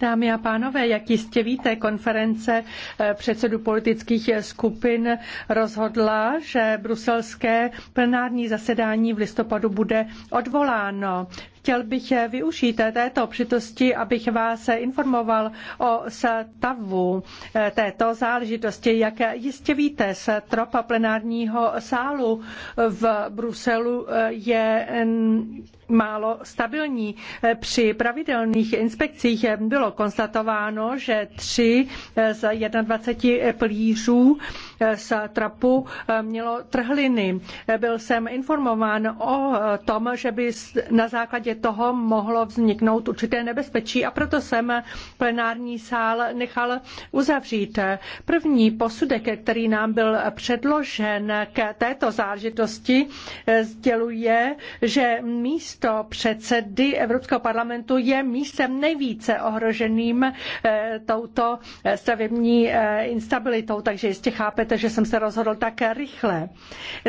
Dámy a pánové, jak jistě víte, konference eh, předsedů politických skupin rozhodla, že bruselské plenární zasedání v listopadu bude odvoláno. Chtěl bych využít této přitosti, abych vás informoval o stavu eh, této záležitosti. Jak jistě víte, tropa plenárního sálu v Bruselu eh, je mm, málo stabilní. Eh, při pravidelných inspekcích bylo konstatováno, že tři z 21 plířů trapu eh, mělo trhliny. Byl jsem informován o tom, že by na základě toho mohlo vzniknout určité nebezpečí a proto jsem plenární sál nechal uzavřít. První posudek, který nám byl předložen k této záležitosti, eh, sděluje, že místo předsedy Evropského parlamentu je místem nejvíce ohroženým eh, touto stavební instabilitou, takže jistě chápete, chápete, že jsem se rozhodl tak rychle.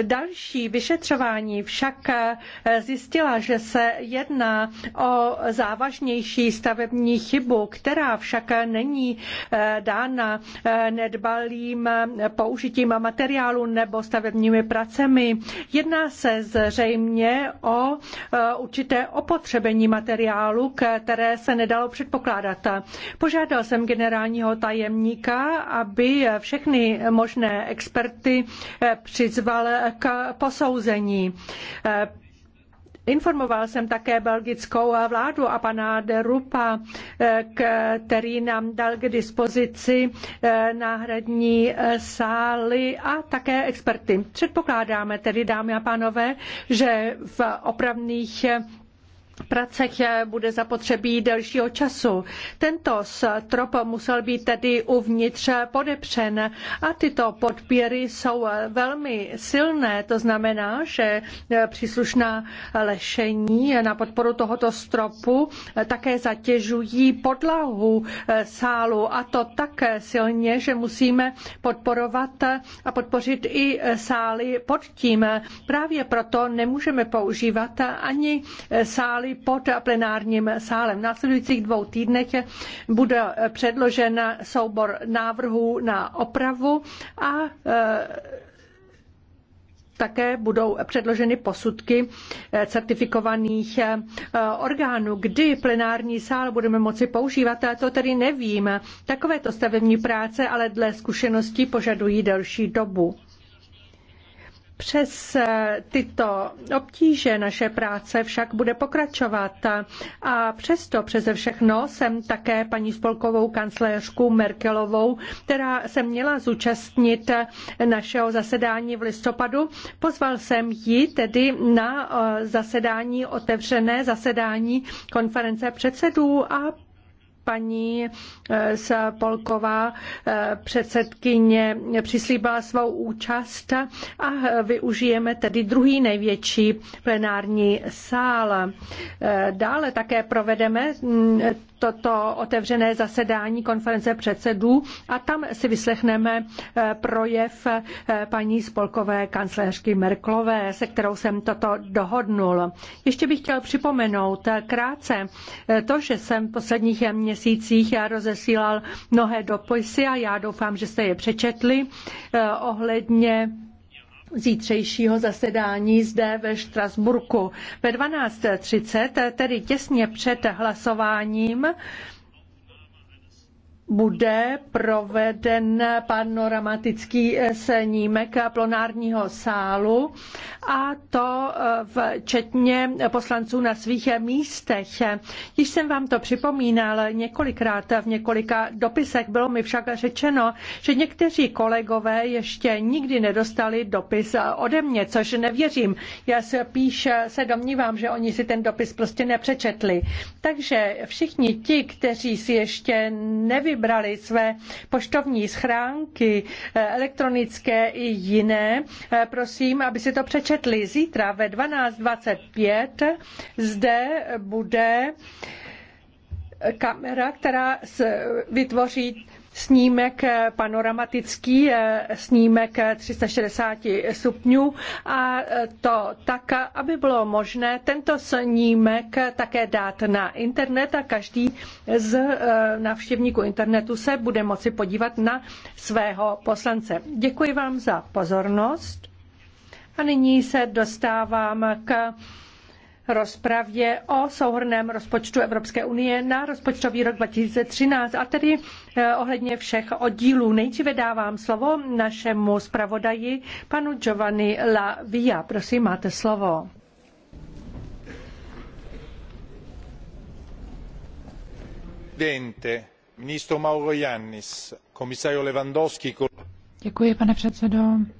Další vyšetřování však eh, zjistila, že se jedná o závažnější stavební chybu, která však není eh, dána eh, nedbalým použitím materiálu nebo stavebními pracemi. Jedná se zřejmě o určité opotřebení materiálu, které se nedalo předpokládat. Požádal jsem generálního tajemníka, aby všechny možné experty eh, přizval k posouzení. Eh, informoval jsem také belgickou vládu a pana de Rupa, eh, který nám dal k dispozici náhradní sály a také experty. Předpokládáme tedy, dámy a pánové, že v opravných pracech bude zapotřebí delšího času. Tento strop musel být tedy uvnitř podepřen a tyto podpěry jsou velmi silné. To znamená, že příslušná lešení na podporu tohoto stropu také zatěžují podlahu sálu a to tak silně, že musíme podporovat a podpořit i sály pod tím. Právě proto nemůžeme používat ani sály stojí pod plenárním sálem. V následujících dvou týdnech bude předložen soubor návrhů na opravu a e, také budou předloženy posudky e, certifikovaných e, orgánů. Kdy plenární sál budeme moci používat, to tedy nevím. Takovéto stavební práce ale dle zkušeností požadují delší dobu. Přes eh, tyto obtíže naše práce však bude pokračovat a přesto přeze všechno jsem také paní spolkovou kancléřku Merkelovou, která se měla zúčastnit našeho zasedání v listopadu. Pozval jsem ji tedy na eh, zasedání otevřené zasedání konference předsedů a paní eh, Spolková eh, předsedkyně, přislíbila svou účast a eh, využijeme tedy druhý největší plenární sál. Dále také provedeme mm, toto otevřené zasedání konference předsedů a tam si vyslechneme projev paní spolkové kancléřky Merklové, se kterou jsem toto dohodnul. Ještě bych chtěl připomenout krátce to, že jsem v posledních měsících měsících rozesílal mnohé dopisy a já doufám, že jste je přečetli eh, ohledně zítřejšího zasedání zde ve Štrasburku. Ve 12.30, tedy těsně před hlasováním, bude proveden panoramatický eh, snímek plonárního sálu a to eh, včetně poslanců na svých místech. Již jsem vám to připomínal několikrát v několika dopisech. Bylo mi však řečeno, že někteří kolegové ještě nikdy nedostali dopis ode mě, což nevěřím. Já se píš se domnívám, že oni si ten dopis prostě nepřečetli. Takže všichni ti, kteří si ještě nevy vybrali své poštovní schránky, eh, elektronické i jiné, eh, prosím, aby si to přečetli. Zítra ve 12.25 zde bude kamera, která vytvoří snímek eh, panoramatický, eh, snímek 360 eh, stupňů a to tak, aby bylo možné tento snímek také dát na internet a každý z návštěvníků internetu se bude moci podívat na svého poslance. Děkuji vám za pozornost a nyní se dostávám k rozpravě o souhrném rozpočtu Evropské unie na rozpočtový rok 2013 a tedy eh, ohledně všech oddílů. Nejdříve dávám slovo našemu zpravodaji, panu Giovanni La Via. Prosím, máte slovo. Děkuji, pane předsedo